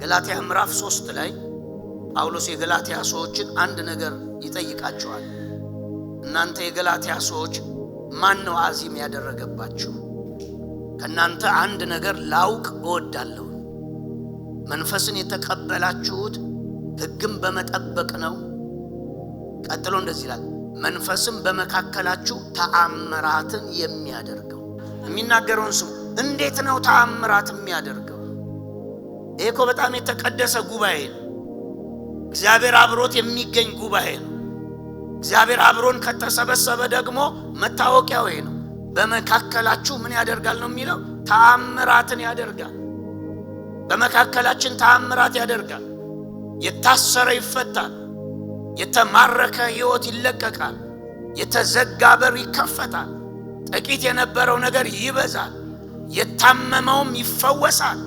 ገላትያ ምዕራፍ ሶስት ላይ ጳውሎስ የገላትያ ሰዎችን አንድ ነገር ይጠይቃቸዋል። እናንተ የገላትያ ሰዎች ማን ነው አዚም ያደረገባችሁ? ከእናንተ አንድ ነገር ላውቅ እወዳለሁ። መንፈስን የተቀበላችሁት ሕግም በመጠበቅ ነው? ቀጥሎ እንደዚህ ይላል መንፈስም በመካከላችሁ ተአምራትን የሚያደርገው የሚናገረውን ስሙ። እንዴት ነው ተአምራት የሚያደርገው? ይሄ እኮ በጣም የተቀደሰ ጉባኤ ነው። እግዚአብሔር አብሮት የሚገኝ ጉባኤ ነው። እግዚአብሔር አብሮን ከተሰበሰበ ደግሞ መታወቂያ ወይ ነው። በመካከላችሁ ምን ያደርጋል ነው የሚለው? ተአምራትን ያደርጋል። በመካከላችን ተአምራት ያደርጋል። የታሰረ ይፈታል። የተማረከ ሕይወት ይለቀቃል። የተዘጋ በር ይከፈታል። ጥቂት የነበረው ነገር ይበዛል። የታመመውም ይፈወሳል።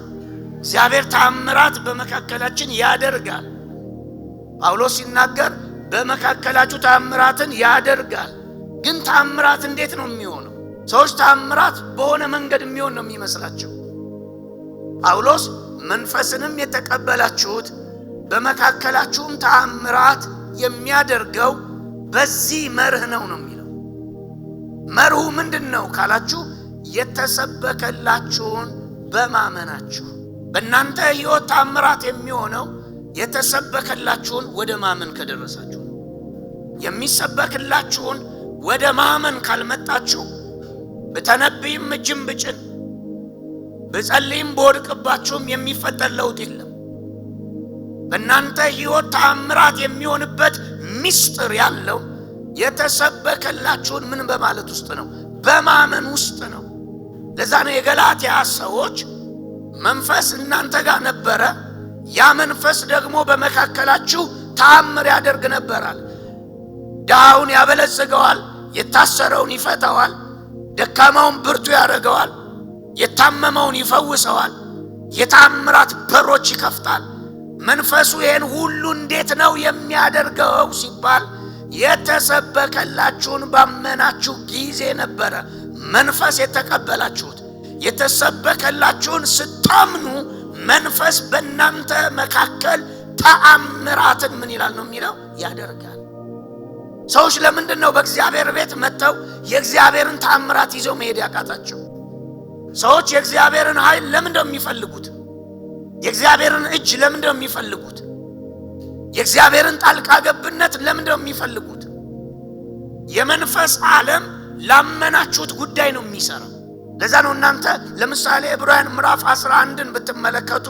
እግዚአብሔር ተአምራት በመካከላችን ያደርጋል። ጳውሎስ ሲናገር በመካከላችሁ ተአምራትን ያደርጋል። ግን ተአምራት እንዴት ነው የሚሆነው? ሰዎች ተአምራት በሆነ መንገድ የሚሆን ነው የሚመስላቸው። ጳውሎስ መንፈስንም የተቀበላችሁት በመካከላችሁም ተአምራት የሚያደርገው በዚህ መርህ ነው ነው የሚለው። መርሁ ምንድን ነው ካላችሁ የተሰበከላችሁን በማመናችሁ በእናንተ ሕይወት ታምራት የሚሆነው የተሰበከላችሁን ወደ ማመን ከደረሳችሁ የሚሰበክላችሁን ወደ ማመን ካልመጣችሁ ብተነብይም እጅም ብጭን ብጸልይም በወድቅባችሁም የሚፈጠር ለውጥ የለም። በእናንተ ሕይወት ተአምራት የሚሆንበት ምስጢር ያለው የተሰበከላችሁን ምን በማለት ውስጥ ነው? በማመን ውስጥ ነው። ለዛ ነው የገላትያ ሰዎች መንፈስ እናንተ ጋር ነበረ፣ ያ መንፈስ ደግሞ በመካከላችሁ ተአምር ያደርግ ነበራል። ድሃውን ያበለጽገዋል፣ የታሰረውን ይፈታዋል፣ ደካማውን ብርቱ ያደርገዋል፣ የታመመውን ይፈውሰዋል፣ የተአምራት በሮች ይከፍታል። መንፈሱ ይህን ሁሉ እንዴት ነው የሚያደርገው ሲባል የተሰበከላችሁን ባመናችሁ ጊዜ ነበረ መንፈስ የተቀበላችሁት። የተሰበከላችሁን ስታምኑ መንፈስ በእናንተ መካከል ተአምራትን ምን ይላል ነው የሚለው ያደርጋል። ሰዎች ለምንድን ነው በእግዚአብሔር ቤት መጥተው የእግዚአብሔርን ተአምራት ይዘው መሄድ ያቃታቸው? ሰዎች የእግዚአብሔርን ኃይል ለምን ነው የሚፈልጉት? የእግዚአብሔርን እጅ ለምን ነው የሚፈልጉት? የእግዚአብሔርን ጣልቃ ገብነት ለምንድን ነው የሚፈልጉት? የመንፈስ ዓለም ላመናችሁት ጉዳይ ነው የሚሰራው። ለዛ ነው እናንተ ለምሳሌ ዕብራውያን ምዕራፍ 11ን ብትመለከቱ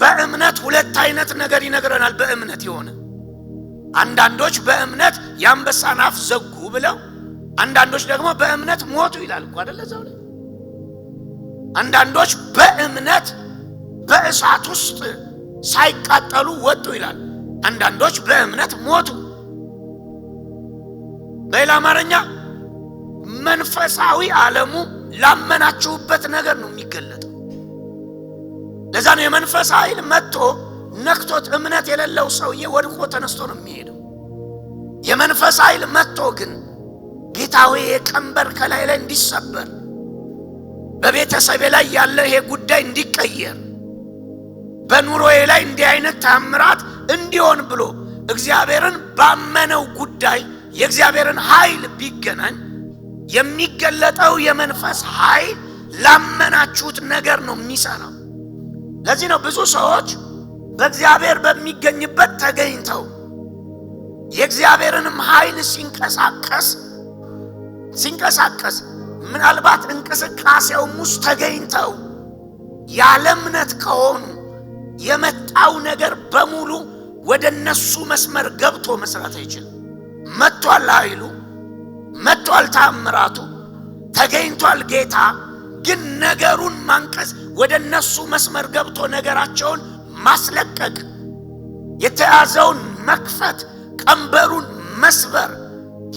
በእምነት ሁለት አይነት ነገር ይነግረናል። በእምነት የሆነ አንዳንዶች በእምነት የአንበሳን አፍ ዘጉ ብለው፣ አንዳንዶች ደግሞ በእምነት ሞቱ ይላል እኮ አይደለ? እዛው ላይ አንዳንዶች በእምነት በእሳት ውስጥ ሳይቃጠሉ ወጡ ይላል። አንዳንዶች በእምነት ሞቱ። በሌላ አማርኛ መንፈሳዊ ዓለሙ ላመናችሁበት ነገር ነው የሚገለጠው። ለዛ ነው የመንፈስ ኃይል መጥቶ ነክቶት እምነት የሌለው ሰውዬ ወድቆ ተነስቶ ነው የሚሄደው። የመንፈስ ኃይል መጥቶ ግን ጌታዊ የቀንበር ከላይ ላይ እንዲሰበር በቤተሰቤ ላይ ያለ ይሄ ጉዳይ እንዲቀየር በኑሮዬ ላይ እንዲህ አይነት ታምራት እንዲሆን ብሎ እግዚአብሔርን ባመነው ጉዳይ የእግዚአብሔርን ኃይል ቢገናኝ የሚገለጠው የመንፈስ ኃይል ላመናችሁት ነገር ነው የሚሰራው። ለዚህ ነው ብዙ ሰዎች በእግዚአብሔር በሚገኝበት ተገኝተው የእግዚአብሔርንም ኃይል ሲንቀሳቀስ ሲንቀሳቀስ ምናልባት እንቅስቃሴውም ውስጥ ተገኝተው ያለ እምነት ከሆኑ የመጣው ነገር በሙሉ ወደ እነሱ መስመር ገብቶ መስራት አይችልም። መጥቷል ኃይሉ፣ መጥቷል ታምራቱ፣ ተገኝቷል ጌታ። ግን ነገሩን ማንቀስ፣ ወደ እነሱ መስመር ገብቶ ነገራቸውን ማስለቀቅ፣ የተያዘውን መክፈት፣ ቀንበሩን መስበር፣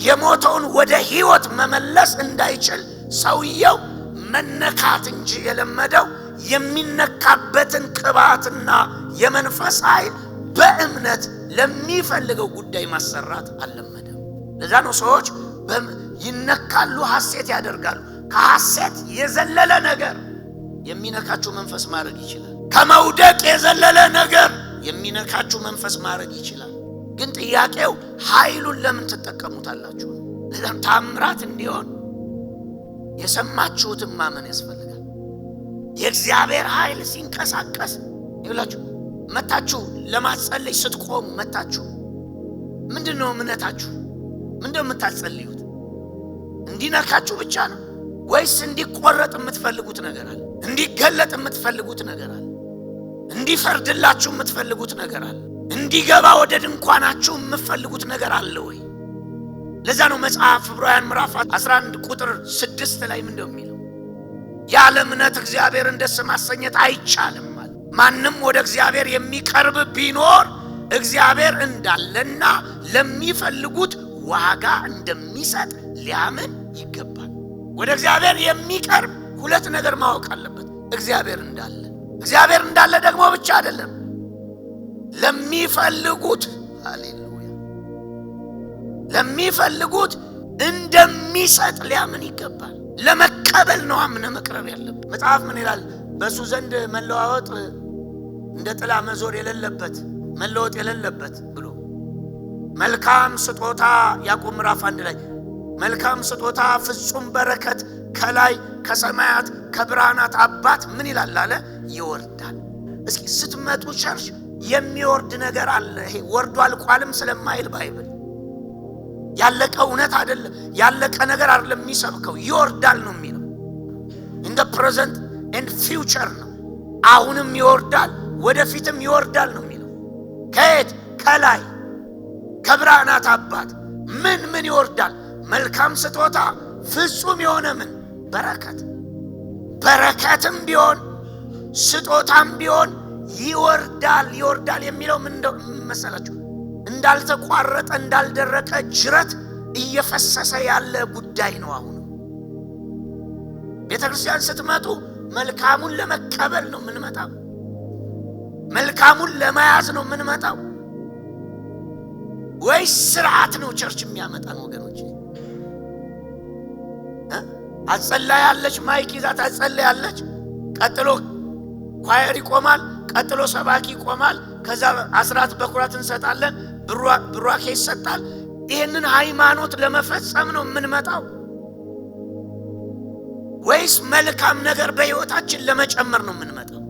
የሞተውን ወደ ሕይወት መመለስ እንዳይችል ሰውየው መነካት እንጂ የለመደው የሚነካበትን ቅባትና የመንፈስ ኃይል በእምነት ለሚፈልገው ጉዳይ ማሰራት አለመደም። ለዛ ነው ሰዎች ይነካሉ፣ ሐሴት ያደርጋሉ። ከሐሴት የዘለለ ነገር የሚነካችሁ መንፈስ ማድረግ ይችላል። ከመውደቅ የዘለለ ነገር የሚነካችሁ መንፈስ ማድረግ ይችላል። ግን ጥያቄው ኃይሉን ለምን ትጠቀሙታላችሁ? ለዛም ታምራት እንዲሆን የሰማችሁትን ማመን ያስፈልጋል። የእግዚአብሔር ኃይል ሲንቀሳቀስ ይላችሁ መታችሁ ለማጸለይ ስትቆሙ መታችሁ ምንድን ነው እምነታችሁ? ምንድን የምታጸልዩት? እንዲነካችሁ ብቻ ነው ወይስ እንዲቆረጥ የምትፈልጉት ነገር አለ? እንዲገለጥ የምትፈልጉት ነገር አለ? እንዲፈርድላችሁ የምትፈልጉት ነገር አለ? እንዲገባ ወደ ድንኳናችሁ የምትፈልጉት ነገር አለ ወይ? ለዛ ነው መጽሐፍ ዕብራውያን ምዕራፍ 11 ቁጥር ስድስት ላይ ምንድነው የሚለው ያለ እምነት እግዚአብሔርን ደስ ማሰኘት አይቻልም። ማንም ወደ እግዚአብሔር የሚቀርብ ቢኖር እግዚአብሔር እንዳለና ለሚፈልጉት ዋጋ እንደሚሰጥ ሊያምን ይገባል። ወደ እግዚአብሔር የሚቀርብ ሁለት ነገር ማወቅ አለበት። እግዚአብሔር እንዳለ እግዚአብሔር እንዳለ ደግሞ ብቻ አይደለም ለሚፈልጉት ሃሌሉያ ለሚፈልጉት እንደሚሰጥ ሊያምን ይገባል። ለመቀበል ነው አምነ መቅረብ ያለብህ። መጽሐፍ ምን ይላል? በእሱ ዘንድ መለዋወጥ እንደ ጥላ መዞር የሌለበት መለወጥ የሌለበት ብሎ መልካም ስጦታ ያዕቆብ ምዕራፍ አንድ ላይ መልካም ስጦታ ፍጹም በረከት ከላይ ከሰማያት ከብርሃናት አባት ምን ይላል አለ ይወርዳል። እስኪ ስትመጡ ቸርች የሚወርድ ነገር አለ። ይሄ ወርዶ አልቋልም ስለማይል ባይብል ያለቀ እውነት አይደለም፣ ያለቀ ነገር አይደለም። የሚሰብከው ይወርዳል ነው የሚለው። እንደ ፕሬዘንት ኤንድ ፊውቸር ነው። አሁንም ይወርዳል፣ ወደፊትም ይወርዳል ነው የሚለው። ከየት ከላይ ከብርሃናት አባት ምን ምን ይወርዳል? መልካም ስጦታ ፍጹም የሆነ ምን በረከት በረከትም ቢሆን ስጦታም ቢሆን ይወርዳል ይወርዳል የሚለው ምን መሰላችሁ? እንዳልተቋረጠ እንዳልደረቀ ጅረት እየፈሰሰ ያለ ጉዳይ ነው። አሁን ቤተ ክርስቲያን ስትመጡ መልካሙን ለመቀበል ነው የምንመጣው። መልካሙን ለመያዝ ነው የምንመጣው ወይስ ስርዓት ነው ቸርች የሚያመጣን? ወገኖች ያለች ማይክ ይዛ ያለች ቀጥሎ ኳየር ይቆማል። ቀጥሎ ሰባኪ ይቆማል። ከዛ አስራት በኩራት እንሰጣለን፣ ብሯኬ ይሰጣል። ይህንን ሃይማኖት ለመፈጸም ነው የምንመጣው ወይስ መልካም ነገር በሕይወታችን ለመጨመር ነው የምንመጣው?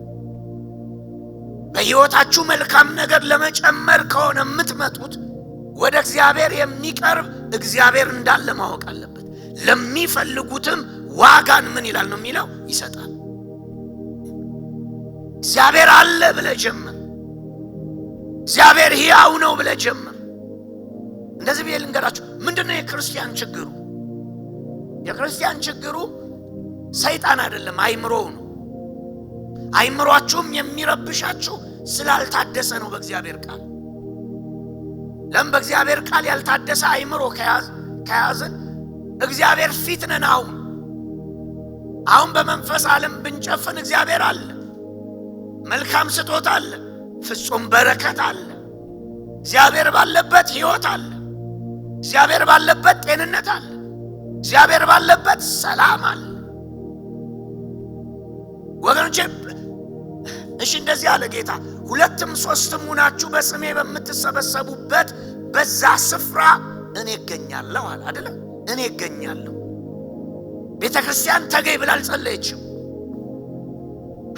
በሕይወታችሁ መልካም ነገር ለመጨመር ከሆነ የምትመጡት ወደ እግዚአብሔር የሚቀርብ እግዚአብሔር እንዳለ ማወቅ አለበት። ለሚፈልጉትም ዋጋን ምን ይላል ነው የሚለው ይሰጣል። እግዚአብሔር አለ ብለህ ጀምር። እግዚአብሔር ሕያው ነው ብለ ጀምር። እንደዚህ ብዬ ልንገራችሁ፣ ምንድን ነው የክርስቲያን ችግሩ? የክርስቲያን ችግሩ ሰይጣን አይደለም፣ አይምሮው ነው። አይምሯችሁም የሚረብሻችሁ ስላልታደሰ ነው በእግዚአብሔር ቃል። ለምን በእግዚአብሔር ቃል ያልታደሰ አይምሮ ከያዝን እግዚአብሔር ፊት ነን። አሁን አሁን በመንፈስ ዓለም ብንጨፍን እግዚአብሔር አለ፣ መልካም ስጦታ አለ ፍጹም በረከት አለ። እግዚአብሔር ባለበት ሕይወት አለ። እግዚአብሔር ባለበት ጤንነት አለ። እግዚአብሔር ባለበት ሰላም አለ። ወገኖቼ እሺ፣ እንደዚህ አለ ጌታ፣ ሁለትም ሶስትም ሆናችሁ በስሜ በምትሰበሰቡበት በዛ ስፍራ እኔ እገኛለሁ አለ አይደለም? እኔ እገኛለሁ። ቤተ ክርስቲያን ተገኝ ብላ አልጸለየችም።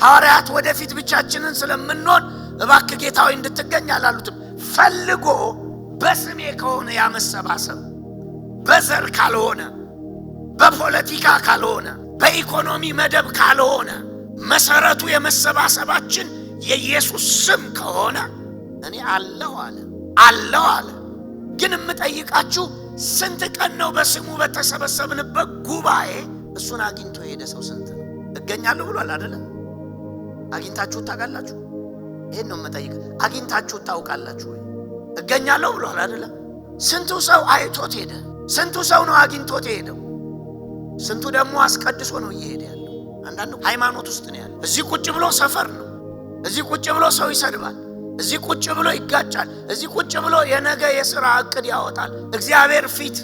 ሐዋርያት ወደፊት ብቻችንን ስለምንሆን እባክ ጌታዊ እንድትገኝ አላሉትም። ፈልጎ በስሜ ከሆነ ያመሰባሰብ በዘር ካልሆነ በፖለቲካ ካልሆነ በኢኮኖሚ መደብ ካልሆነ መሰረቱ የመሰባሰባችን የኢየሱስ ስም ከሆነ እኔ አለሁ አለ አለሁ አለ። ግን የምጠይቃችሁ ስንት ቀን ነው በስሙ በተሰበሰብንበት ጉባኤ እሱን አግኝቶ የሄደ ሰው ስንት ነው? እገኛለሁ ብሏል አደለም? አግኝታችሁ ታውቃላችሁ? ይህን ነው መጠይቅ። አግኝታችሁ ታውቃላችሁ ወይ? እገኛለሁ ብሏል አይደለም? ስንቱ ሰው አይቶት ሄደ። ስንቱ ሰው ነው አግኝቶት የሄደው። ስንቱ ደግሞ አስቀድሶ ነው እየሄደ ያለው። አንዳንዱ ሃይማኖት ውስጥ ነው ያለው። እዚህ ቁጭ ብሎ ሰፈር ነው። እዚህ ቁጭ ብሎ ሰው ይሰድባል። እዚህ ቁጭ ብሎ ይጋጫል። እዚህ ቁጭ ብሎ የነገ የሥራ ዕቅድ ያወጣል። እግዚአብሔር ፊት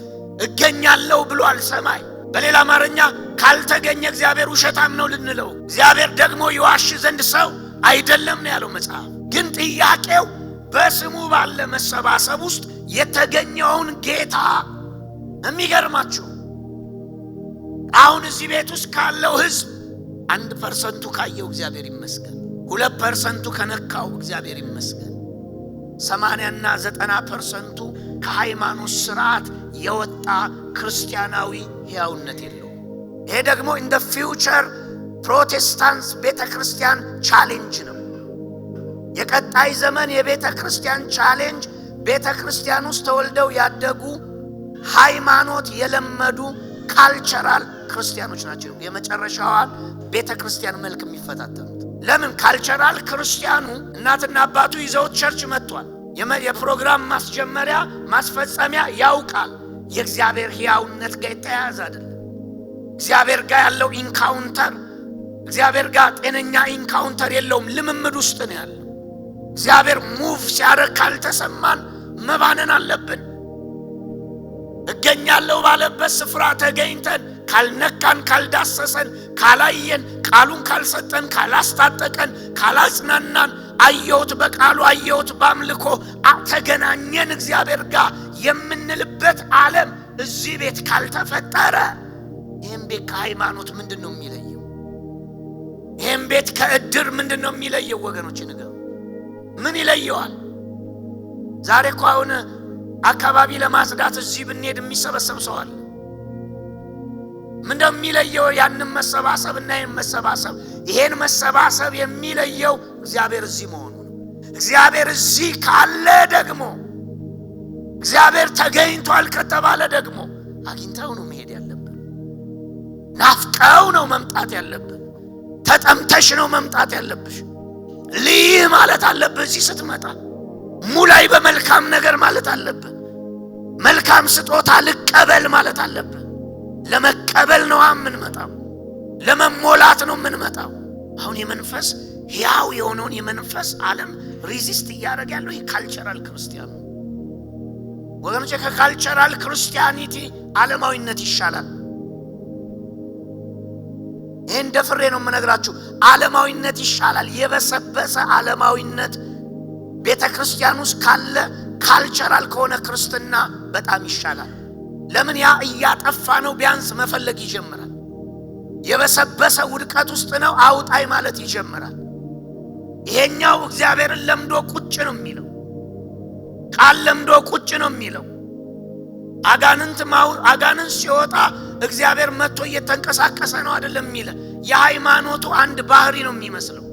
እገኛለሁ ብሏል ሰማይ። በሌላ አማርኛ ካልተገኘ እግዚአብሔር ውሸታም ነው ልንለው፣ እግዚአብሔር ደግሞ ይዋሽ ዘንድ ሰው አይደለም ነው ያለው መጽሐፍ። ግን ጥያቄው በስሙ ባለ መሰባሰብ ውስጥ የተገኘውን ጌታ የሚገርማችሁ አሁን እዚህ ቤት ውስጥ ካለው ህዝብ አንድ ፐርሰንቱ ካየው እግዚአብሔር ይመስገን፣ ሁለት ፐርሰንቱ ከነካው እግዚአብሔር ይመስገን፣ ሰማንያና ዘጠና ፐርሰንቱ ከሃይማኖት ስርዓት የወጣ ክርስቲያናዊ ሕያውነት የለው። ይሄ ደግሞ እንደ ፊውቸር ፕሮቴስታንት ቤተ ክርስቲያን ቻሌንጅ ነው። የቀጣይ ዘመን የቤተ ክርስቲያን ቻሌንጅ ቤተ ክርስቲያን ውስጥ ተወልደው ያደጉ ሃይማኖት የለመዱ ካልቸራል ክርስቲያኖች ናቸው። የመጨረሻዋን ቤተ ክርስቲያን መልክ የሚፈታተኑት ለምን? ካልቸራል ክርስቲያኑ እናትና አባቱ ይዘውት ቸርች መጥቷል። የፕሮግራም ማስጀመሪያ ማስፈጸሚያ ያውቃል። የእግዚአብሔር ሕያውነት ጋር የተያያዘ አይደለም። እግዚአብሔር ጋር ያለው ኢንካውንተር እግዚአብሔር ጋር ጤነኛ ኢንካውንተር የለውም። ልምምድ ውስጥ ነው ያለ። እግዚአብሔር ሙቭ ሲያደርግ ካልተሰማን መባነን አለብን። እገኛለሁ ባለበት ስፍራ ተገኝተን ካልነካን፣ ካልዳሰሰን፣ ካላየን፣ ቃሉን ካልሰጠን፣ ካላስታጠቀን፣ ካላጽናናን አየሁት በቃሉ አየሁት በአምልኮ ተገናኘን እግዚአብሔር ጋር የምንልበት ዓለም እዚህ ቤት ካልተፈጠረ ይህም ቤት ከሃይማኖት ምንድን ነው የሚለኝ? ይህም ቤት ከእድር ምንድን ነው የሚለየው? ወገኖች ንገሩ፣ ምን ይለየዋል? ዛሬ እኮ አሁን አካባቢ ለማጽዳት እዚህ ብንሄድ የሚሰበሰብ ሰው አለ። ምንድነው የሚለየው? ያንን መሰባሰብ እና ይህን መሰባሰብ ይሄን መሰባሰብ የሚለየው እግዚአብሔር እዚህ መሆኑ ነው። እግዚአብሔር እዚህ ካለ ደግሞ እግዚአብሔር ተገኝቷል ከተባለ ደግሞ አግኝተው ነው መሄድ ያለብን፣ ናፍቀው ነው መምጣት ያለብን። ተጠምተሽ ነው መምጣት ያለብሽ። ልይህ ማለት አለብህ። እዚህ ስትመጣ ሙላይ በመልካም ነገር ማለት አለብህ። መልካም ስጦታ ልቀበል ማለት አለብህ። ለመቀበል ነው የምንመጣው፣ ለመሞላት ነው የምንመጣው። አሁን የመንፈስ ሕያው የሆነውን የመንፈስ ዓለም ሪዚስት እያደረገ ያለው የካልቸራል ካልቸራል ክርስቲያን ወገኖቼ፣ ከካልቸራል ክርስቲያኒቲ ዓለማዊነት ይሻላል። ይህ እንደ ፍሬ ነው የምነግራችሁ። ዓለማዊነት ይሻላል። የበሰበሰ ዓለማዊነት ቤተ ክርስቲያን ውስጥ ካለ ካልቸራል ከሆነ ክርስትና በጣም ይሻላል። ለምን? ያ እያጠፋ ነው። ቢያንስ መፈለግ ይጀምራል። የበሰበሰ ውድቀት ውስጥ ነው፣ አውጣይ ማለት ይጀምራል። ይሄኛው እግዚአብሔርን ለምዶ ቁጭ ነው የሚለው ቃል ለምዶ ቁጭ ነው የሚለው አጋንንት አጋንንት ሲወጣ እግዚአብሔር መጥቶ እየተንቀሳቀሰ ነው አይደለም የሚለ የሃይማኖቱ አንድ ባህሪ ነው የሚመስለው።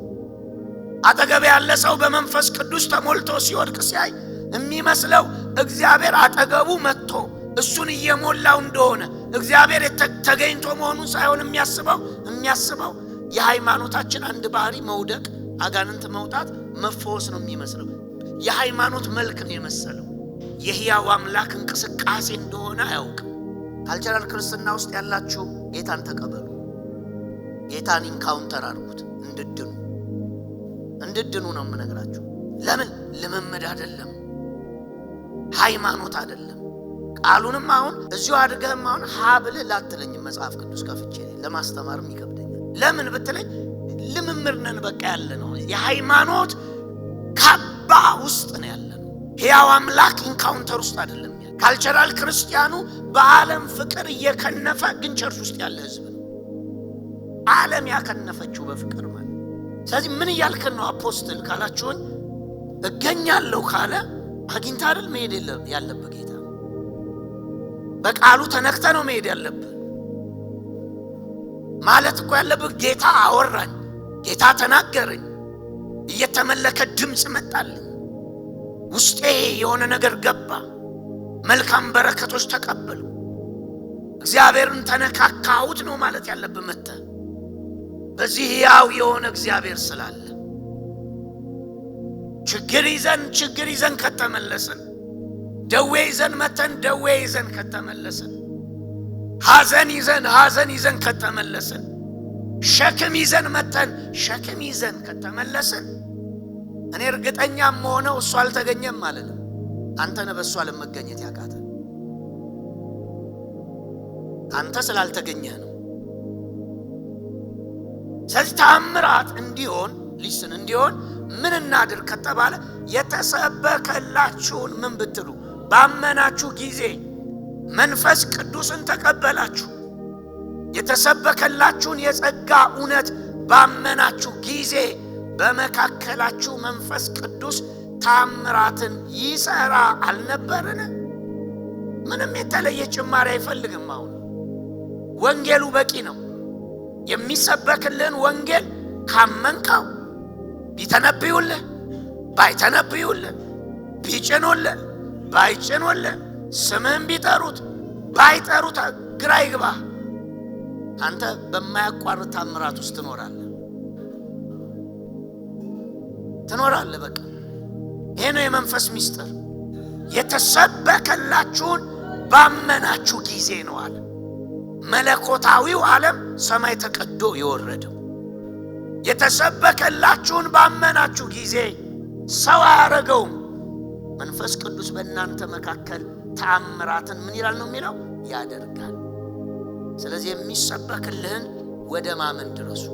አጠገብ ያለ ሰው በመንፈስ ቅዱስ ተሞልቶ ሲወድቅ ሲያይ የሚመስለው እግዚአብሔር አጠገቡ መጥቶ እሱን እየሞላው እንደሆነ እግዚአብሔር ተገኝቶ መሆኑን ሳይሆን የሚያስበው የሚያስበው የሃይማኖታችን አንድ ባህሪ መውደቅ፣ አጋንንት መውጣት፣ መፈወስ ነው የሚመስለው። የሃይማኖት መልክ ነው የመሰለው። የሕያው አምላክ እንቅስቃሴ እንደሆነ አያውቅም። ካልቸራል ክርስትና ውስጥ ያላችሁ ጌታን ተቀበሉ። ጌታን ኢንካውንተር አድርጉት እንድድኑ እንድድኑ ነው የምነግራችሁ። ለምን ልምምድ አይደለም፣ ሃይማኖት አይደለም። ቃሉንም አሁን እዚሁ አድርገህም አሁን ሀ ላትለኝ መጽሐፍ ቅዱስ ከፍቼ ለማስተማርም ይከብደኛል። ለምን ብትለኝ ልምምድ ነን በቃ ያለ ነው። የሃይማኖት ካባ ውስጥ ነው ያለ ሕያው አምላክ ኢንካውንተር ውስጥ አይደለም። ካልቸራል ክርስቲያኑ በዓለም ፍቅር እየከነፈ ግን ቸርች ውስጥ ያለ ህዝብ ነው። ዓለም ያከነፈችው በፍቅር ማለት። ስለዚህ ምን እያልከን ነው አፖስትል ካላችሁን፣ እገኛለሁ ካለ አግኝታ አይደል መሄድ ያለብህ ጌታ። በቃሉ ተነክተ ነው መሄድ ያለብህ። ማለት እኮ ያለብህ ጌታ አወራኝ፣ ጌታ ተናገረኝ፣ እየተመለከ ድምፅ መጣልኝ ውስጤ የሆነ ነገር ገባ። መልካም በረከቶች ተቀበሉ። እግዚአብሔርን ተነካካሁት ነው ማለት ያለብህ መተ በዚህ ያው የሆነ እግዚአብሔር ስላለ ችግር ይዘን ችግር ይዘን ከተመለስን፣ ደዌ ይዘን መተን ደዌ ይዘን ከተመለስን፣ ሐዘን ይዘን ሐዘን ይዘን ከተመለስን፣ ሸክም ይዘን መተን ሸክም ይዘን ከተመለስን እኔ እርግጠኛም ሆነው እሱ አልተገኘም ማለት ነው። አንተ ነህ በእሱ አለመገኘት ያቃተ አንተ ስላልተገኘህ ነው። ስለዚህ ተአምራት እንዲሆን ሊስን እንዲሆን ምን እናድር ከተባለ የተሰበከላችሁን ምን ብትሉ ባመናችሁ ጊዜ መንፈስ ቅዱስን ተቀበላችሁ። የተሰበከላችሁን የጸጋ እውነት ባመናችሁ ጊዜ በመካከላችሁ መንፈስ ቅዱስ ታምራትን ይሰራ አልነበርን? ምንም የተለየ ጭማሪ አይፈልግም። አሁን ወንጌሉ በቂ ነው። የሚሰበክልን ወንጌል ካመንከው ቢተነብዩልህ ባይተነብዩልህ፣ ቢጭኑልህ ባይጭኑልህ፣ ስምህን ቢጠሩት ባይጠሩት፣ ግራ ይግባ። አንተ በማያቋርጥ ታምራት ውስጥ ትኖራለህ። ትኖራለህ። በቃ ይሄ ነው የመንፈስ ምስጢር የተሰበከላችሁን ባመናችሁ ጊዜ ነው አለ። መለኮታዊው ዓለም ሰማይ ተቀዶ የወረደው የተሰበከላችሁን ባመናችሁ ጊዜ ሰው አያረገውም። መንፈስ ቅዱስ በእናንተ መካከል ተአምራትን ምን ይላል ነው የሚለው ያደርጋል። ስለዚህ የሚሰበክልህን ወደ ማመን ድረሱ።